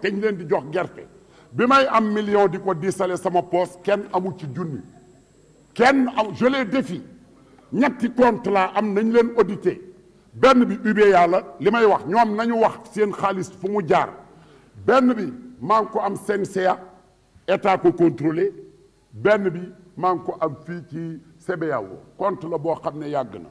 te leen di jox gerte bi may am million di ko diisale sama poos kenn amul ci junni kenn am je les défie ñetti compte laa am nañ leen audité benn bi ubee yàlla li may wax ñoom nañu wax seen xaalis fu mu jaar benn bi maa ngi ko am CNCA état ko contrôlé benn bi man ko am fii ci CBAO compte la boo xam ne yàgg na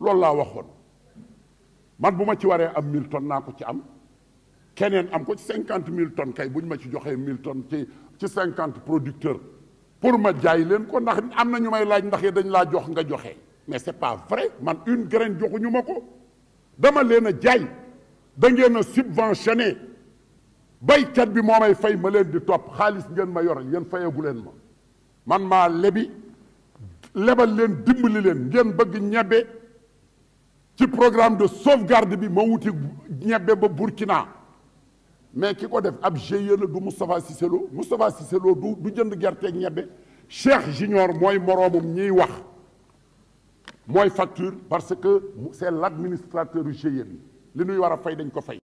loolu laa waxoon man bu ma ci waree am 1000 tonnes naa ko ci am keneen am ko ci cinquante mille tonnes kay bu ñu ma ci joxee mille ton ci ci cinquante producteur pour ma jaay leen ko ndax am na ñu may laaj ndax yi dañ laa jox nga joxe mais c'est pas vrai man une graine joxuñu ma ko dama leen a jaay da ngeen a subventionné baykat bi moo may fay ma leen di topp xaalis ngeen ma yor yéen fayagu leen ma man maa lebi lebal leen dimbali leen ngeen bëgg ñebe. programme de sauvegarde bi ma wuti Burkina mais kiko def ab GIE la du Moustapha Cissé du du jënd ñebbe Cheikh Junior moy wax facture parce que c'est l'administrateur GIE li ñuy wara fay